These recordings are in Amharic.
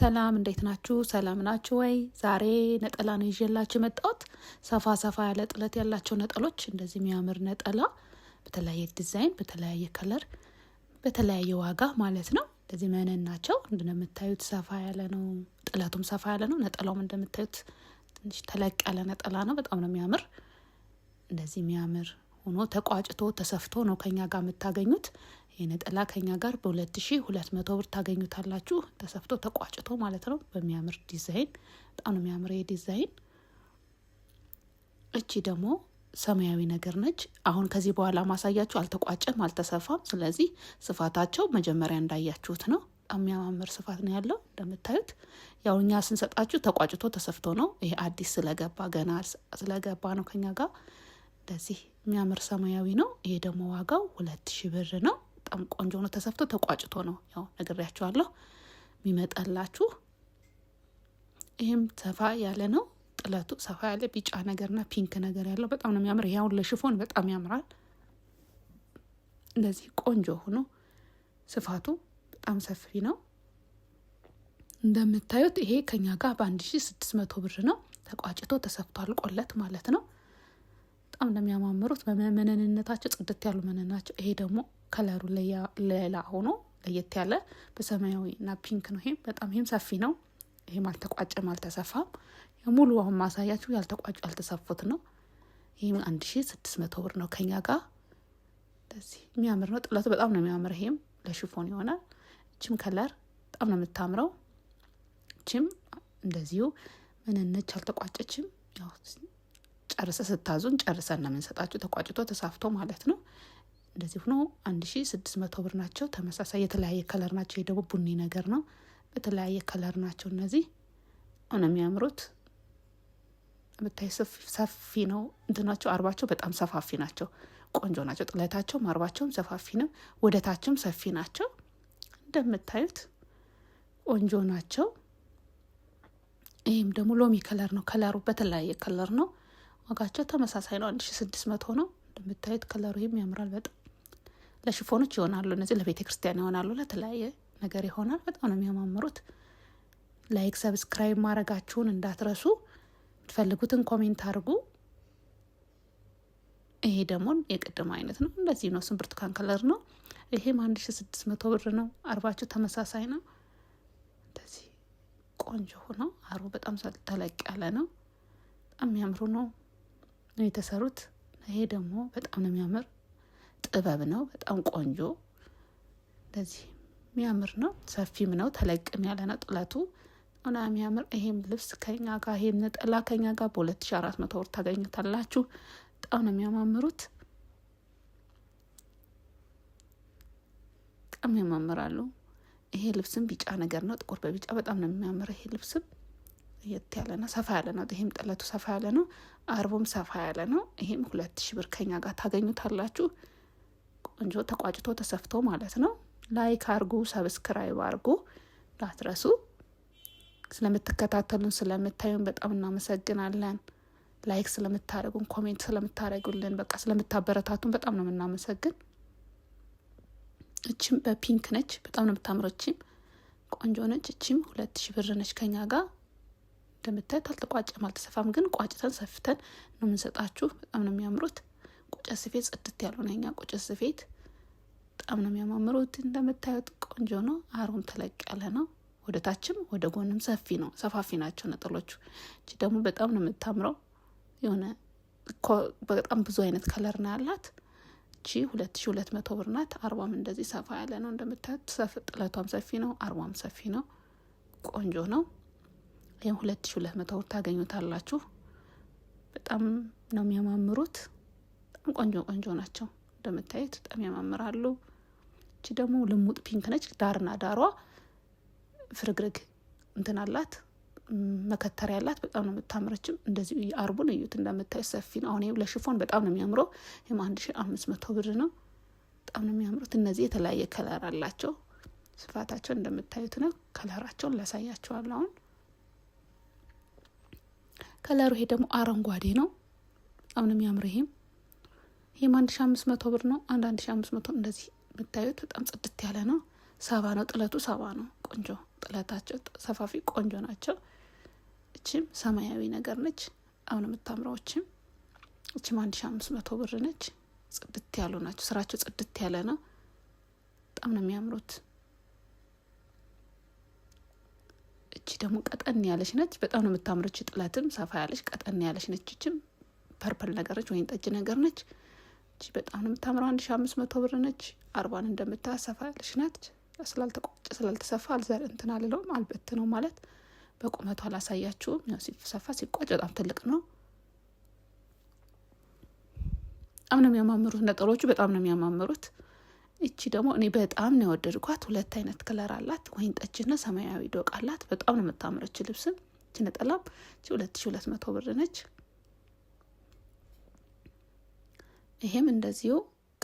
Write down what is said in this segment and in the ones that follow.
ሰላም እንዴት ናችሁ? ሰላም ናችሁ ወይ? ዛሬ ነጠላ ነው ይዤላችሁ የመጣሁት። ሰፋ ሰፋ ያለ ጥለት ያላቸው ነጠሎች፣ እንደዚህ የሚያምር ነጠላ በተለያየ ዲዛይን፣ በተለያየ ከለር፣ በተለያየ ዋጋ ማለት ነው። እንደዚህ መነን ናቸው እንደምታዩት፣ ሰፋ ያለ ነው። ጥለቱም ሰፋ ያለ ነው። ነጠላውም እንደምታዩት ትንሽ ተለቅ ያለ ነጠላ ነው። በጣም ነው የሚያምር። እንደዚህ የሚያምር ሆኖ ተቋጭቶ ተሰፍቶ ነው ከኛ ጋር የምታገኙት። የነጠላ ከኛ ጋር በ2200 ብር ታገኙታላችሁ። ተሰፍቶ ተቋጭቶ ማለት ነው። በሚያምር ዲዛይን፣ በጣም ነው የሚያምር ዲዛይን። እቺ ደግሞ ሰማያዊ ነገር ነች። አሁን ከዚህ በኋላ ማሳያችሁ አልተቋጨም፣ አልተሰፋም። ስለዚህ ስፋታቸው መጀመሪያ እንዳያችሁት ነው። በጣም የሚያማምር ስፋት ነው ያለው እንደምታዩት። ያው እኛ ስንሰጣችሁ ተቋጭቶ ተሰፍቶ ነው። ይሄ አዲስ ስለገባ ገና ስለገባ ነው ከኛ ጋር እንደዚህ የሚያምር ሰማያዊ ነው። ይሄ ደግሞ ዋጋው ሁለት ሺህ ብር ነው። በጣም ቆንጆ ሆኖ ተሰፍቶ ተቋጭቶ ነው ያው ነግሬያችኋለሁ የሚመጣላችሁ። ይህም ሰፋ ያለ ነው ጥለቱ ሰፋ ያለ ቢጫ ነገርና ፒንክ ነገር ያለው በጣም ነው የሚያምር። ያውን ለሽፎን በጣም ያምራል። እንደዚህ ቆንጆ ሆኖ ስፋቱ በጣም ሰፊ ነው። እንደምታዩት ይሄ ከኛ ጋር በአንድ ሺ ስድስት መቶ ብር ነው ተቋጭቶ ተሰፍቶ አልቆለት ማለት ነው። በጣም እንደሚያማምሩት በመነንነታቸው ጽድት ያሉ መነን ናቸው። ይሄ ደግሞ ከለሩ ሌላ ሆኖ ለየት ያለ በሰማያዊ እና ፒንክ ነው። ይሄም በጣም ይሄም ሰፊ ነው። ይሄም አልተቋጨም አልተሰፋም። ሙሉ አሁን ማሳያችሁ ያልተቋጩ ያልተሰፉት ነው። ይህም አንድ ሺ ስድስት መቶ ብር ነው ከኛ ጋር እንደዚህ የሚያምር ነው። ጥለቱ በጣም ነው የሚያምር። ይሄም ለሽፎን ይሆናል። እችም ከለር በጣም ነው የምታምረው። እችም እንደዚሁ ምንነች አልተቋጨችም ያው ጨርሰ ስታዙን ጨርሰን ነው የምንሰጣችሁ። ተቋጭቶ ተሳፍቶ ማለት ነው። እንደዚህ ሆኖ አንድ ሺ ስድስት መቶ ብር ናቸው። ተመሳሳይ የተለያየ ከለር ናቸው። የደቡ ቡኒ ነገር ነው። በተለያየ ከለር ናቸው እነዚህ ነው የሚያምሩት። ብታይ ሰፊ ነው እንትናቸው፣ አርባቸው በጣም ሰፋፊ ናቸው። ቆንጆ ናቸው። ጥለታቸውም አርባቸውም ሰፋፊ ነው። ወደታቸውም ሰፊ ናቸው። እንደምታዩት ቆንጆ ናቸው። ይህም ደግሞ ሎሚ ከለር ነው። ከለሩ በተለያየ ከለር ነው። ዋጋቸው ተመሳሳይ ነው። አንድ ሺ ስድስት መቶ ነው። እንደምታዩት ከለሩ ይህም ያምራል በጣም ለሽፎኖች ይሆናሉ። እነዚህ ለቤተ ክርስቲያን ይሆናሉ። ለተለያየ ነገር ይሆናል። በጣም ነው የሚያማምሩት። ላይክ ሰብስክራይብ ማድረጋችሁን እንዳትረሱ። የምትፈልጉትን ኮሜንት አድርጉ። ይሄ ደግሞ የቅድም አይነት ነው። እንደዚህ ነው። እሱም ብርቱካን ከለር ነው። ይሄም አንድ ሺ ስድስት መቶ ብር ነው። አርባቸው ተመሳሳይ ነው። እንደዚህ ቆንጆ ሆነው አርቡ በጣም ተለቅ ያለ ነው። በጣም የሚያምሩ ነው። ነው የተሰሩት። ይሄ ደግሞ በጣም ነው የሚያምር ጥበብ ነው። በጣም ቆንጆ እንደዚህ የሚያምር ነው። ሰፊም ነው፣ ተለቅም ያለ ነው። ጥለቱ ሆና የሚያምር ይሄም ልብስ ከኛ ጋር ይሄም ነጠላ ከኛ ጋር በሁለት ሺ አራት መቶ ብር ታገኙታላችሁ። በጣም ነው የሚያማምሩት፣ በጣም ያማምራሉ። ይሄ ልብስም ቢጫ ነገር ነው፣ ጥቁር በቢጫ በጣም ነው የሚያምር ይሄ ልብስም ለየት ያለ ነው፣ ሰፋ ያለ ነው። ይሄም ጥለቱ ሰፋ ያለ ነው። አርቡም ሰፋ ያለ ነው። ይሄም ሁለት ሺ ብር ከኛ ጋር ታገኙታላችሁ። ቆንጆ ተቋጭቶ ተሰፍቶ ማለት ነው። ላይክ አርጉ፣ ሰብስክራይብ አርጉ፣ ላትረሱ። ስለምትከታተሉን ስለምታዩን በጣም እናመሰግናለን። ላይክ ስለምታደረጉን፣ ኮሜንት ስለምታደረጉልን፣ በቃ ስለምታበረታቱን በጣም ነው የምናመሰግን። እችም በፒንክ ነች፣ በጣም ነው የምታምረችም ቆንጆ ነች። እችም ሁለት ሺ ብር ነች ከኛ ጋር እንደምታዩት አልተቋጨም፣ አልተሰፋም። ግን ቋጭተን ሰፍተን ነው የምንሰጣችሁ። በጣም ነው የሚያምሩት። ቁጭ ስፌት ጽድት ያሉ ነው የኛ ስፌት። በጣም ነው የሚያማምሩት። እንደምታዩት ቆንጆ ነው። አሩም ተለቅ ያለ ነው። ወደ ታችም ወደ ጎንም ሰፊ ነው፣ ሰፋፊ ናቸው ነጠሎቹ። እቺ ደግሞ በጣም ነው የምታምረው። የሆነ በጣም ብዙ አይነት ከለር ነው ያላት። እቺ ሁለት ሺ ሁለት መቶ ብር ናት። አርቧም እንደዚህ ሰፋ ያለ ነው እንደምታዩት። ጥለቷም ሰፊ ነው፣ አርቧም ሰፊ ነው። ቆንጆ ነው። ይህም ሁለት ሺ ሁለት መቶ ብር ታገኙታላችሁ። በጣም ነው የሚያማምሩት። በጣም ቆንጆ ቆንጆ ናቸው እንደምታየት በጣም ያማምራሉ። እቺ ደግሞ ልሙጥ ፒንክ ነች። ዳርና ዳሯ ፍርግርግ እንትን አላት መከተሪያ ያላት በጣም ነው የምታምረችም። እንደዚሁ የአርቡን እዩት እንደምታዩት ሰፊ ነው። አሁን ለሽፎን በጣም ነው የሚያምረው። ይህም አንድ ሺ አምስት መቶ ብር ነው። በጣም ነው የሚያምሩት። እነዚህ የተለያየ ከለር አላቸው። ስፋታቸው እንደምታዩት ነው። ከለራቸውን ላሳያቸዋል አሁን ከለሩ ይሄ ደግሞ አረንጓዴ ነው። በጣም ነው የሚያምር። ይሄም ይህም አንድ ሺ አምስት መቶ ብር ነው። አንድ አንድ ሺ አምስት መቶ እንደዚህ የምታዩት በጣም ጽድት ያለ ነው። ሰባ ነው ጥለቱ፣ ሰባ ነው። ቆንጆ ጥለታቸው ሰፋፊ ቆንጆ ናቸው። እችም ሰማያዊ ነገር ነች። አሁን የምታምረው እችም እችም አንድ ሺ አምስት መቶ ብር ነች። ጽድት ያሉ ናቸው። ስራቸው ጽድት ያለ ነው። በጣም ነው የሚያምሩት። እቺ ደግሞ ቀጠን ያለች ነች። በጣም ነው የምታምረች። ጥለትም ሰፋ ያለች ቀጠን ያለች ነች። እችም ፐርፐል ነገር ወይም ጠጅ ነገር ነች። እቺ በጣም ነው የምታምረው። አንድ ሺ አምስት መቶ ብር ነች። አርባን እንደምታ ሰፋ ያለች ነች። ስላልተቆጨ ስላልተሰፋ አልዘር እንትን አልለውም አልበት ነው ማለት በቁመቱ አላሳያችሁም። ያው ሲሰፋ ሲቋጭ በጣም ትልቅ ነው። በጣም ነው የሚያማምሩት ነጠሮቹ፣ በጣም ነው የሚያማምሩት። እቺ ደግሞ እኔ በጣም ነው የወደድኳት። ሁለት አይነት ክለር አላት፣ ወይን ጠጅና ሰማያዊ ዶቃ አላት። በጣም ነው የምታምረች ልብስም እቺ ነጠላም እቺ ሁለት ሺ ሁለት መቶ ብር ነች። ይሄም እንደዚሁ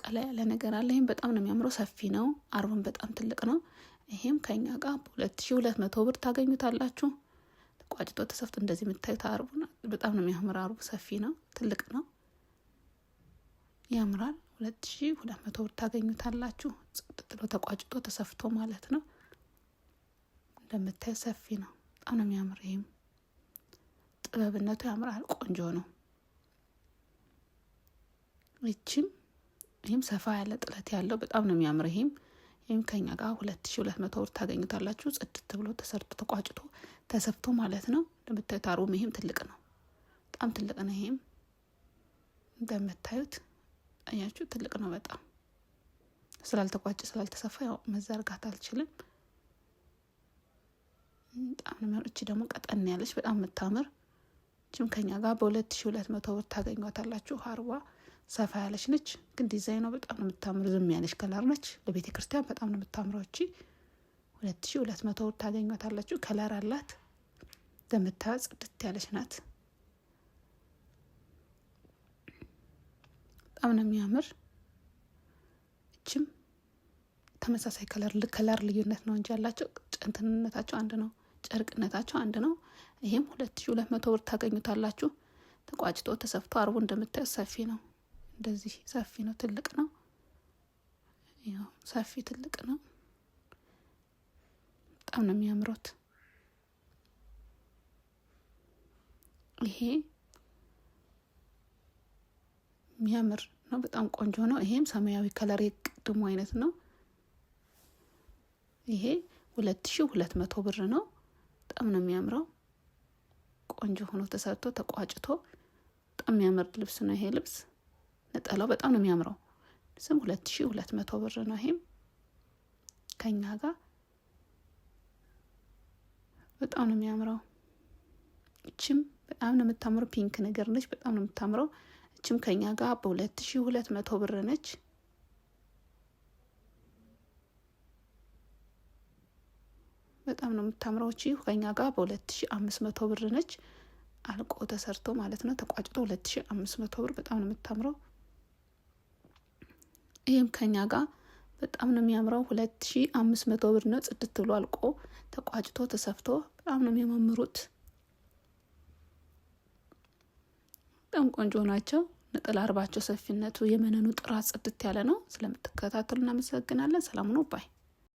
ቀላ ያለ ነገር አለ። ይሄም በጣም ነው የሚያምረው፣ ሰፊ ነው፣ አርቡን በጣም ትልቅ ነው። ይሄም ከኛ ጋር በሁለት ሺ ሁለት መቶ ብር ታገኙታላችሁ። ቋጭቶ ተሰፍቶ እንደዚህ የምታዩት አርቡ በጣም ነው የሚያምር። አርቡ ሰፊ ነው፣ ትልቅ ነው፣ ያምራል። ሁለት ሺ ሁለት መቶ ብር ታገኙታላችሁ። ጽድት ብሎ ተቋጭቶ ተሰፍቶ ማለት ነው። እንደምታዩ ሰፊ ነው። በጣም ነው የሚያምር። ይህም ጥበብነቱ ያምራል። ቆንጆ ነው። ይችም ይህም ሰፋ ያለ ጥለት ያለው በጣም ነው የሚያምር። ይህም ይህም ከኛ ጋር ሁለት ሺ ሁለት መቶ ብር ታገኙታላችሁ። ጽድት ብሎ ተሰርቶ ተቋጭቶ ተሰፍቶ ማለት ነው። እንደምታዩት አሩም ይህም ትልቅ ነው። በጣም ትልቅ ነው። ይህም እንደምታዩት አያችሁ፣ ትልቅ ነው በጣም ስላልተቋጨ ስላልተሰፋ ያው መዘርጋት አልችልም። በጣም እቺ ደግሞ ቀጠን ያለች በጣም የምታምር እችም ከኛ ጋር በሁለት ሺ ሁለት መቶ ብር ታገኟታላችሁ። አርባ ሰፋ ያለች ነች፣ ግን ዲዛይኗ በጣም ነው የምታምር። ዝም ያለች ከለር ነች። ለቤተ ክርስቲያን በጣም ነው የምታምረው። እቺ ሁለት ሺ ሁለት መቶ ብር ታገኟታላችሁ። ከለር አላት። ዘምታ ጽድት ያለች ናት። በጣም ነው የሚያምር። እችም ተመሳሳይ ከለር ከለር ልዩነት ነው እንጂ ያላቸው ጭንትንነታቸው አንድ ነው፣ ጨርቅነታቸው አንድ ነው። ይህም ሁለት ሺ ሁለት መቶ ብር ታገኙታላችሁ። ተቋጭቶ ተሰፍቶ አርቡ እንደምታዩት ሰፊ ነው። እንደዚህ ሰፊ ነው፣ ትልቅ ነው። ያው ሰፊ ትልቅ ነው። በጣም ነው የሚያምሩት ይሄ የሚያምር ነው። በጣም ቆንጆ ነው። ይሄም ሰማያዊ ከለር የቅድሙ አይነት ነው። ይሄ ሁለት ሺ ሁለት መቶ ብር ነው። በጣም ነው የሚያምረው። ቆንጆ ሆኖ ተሰርቶ ተቋጭቶ በጣም የሚያምር ልብስ ነው። ይሄ ልብስ ነጠላው በጣም ነው የሚያምረው። ስም ሁለት ሺ ሁለት መቶ ብር ነው። ይሄም ከኛ ጋር በጣም ነው የሚያምረው። እችም በጣም ነው የምታምረው። ፒንክ ነገር ነች። በጣም ነው የምታምረው። ይችም ከኛ ጋር በሁለት ሺ ሁለት መቶ ብር ነች። በጣም ነው የምታምረው። እቺ ከኛ ጋር በሁለት ሺ አምስት መቶ ብር ነች። አልቆ ተሰርቶ ማለት ነው ተቋጭቶ ሁለት ሺ አምስት መቶ ብር። በጣም ነው የምታምረው። ይህም ከኛ ጋር በጣም ነው የሚያምረው። ሁለት ሺ አምስት መቶ ብር ነው። ጽድት ብሎ አልቆ ተቋጭቶ ተሰፍቶ በጣም ነው የሚያማምሩት። በጣም ቆንጆ ናቸው። ነጠላ አርባቸው ሰፊነቱ፣ የመነኑ ጥራት ጽድት ያለ ነው። ስለምትከታተሉ እናመሰግናለን። ሰላም ነው ባይ